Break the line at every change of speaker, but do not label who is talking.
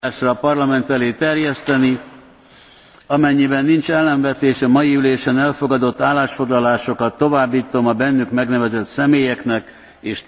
a parlament elé terjeszteni amennyiben nincs ellenvetés a mai ülésen elfogadott állásfoglalásokat továbbtom a bennük megnevezett személyeknek
és társaiknak.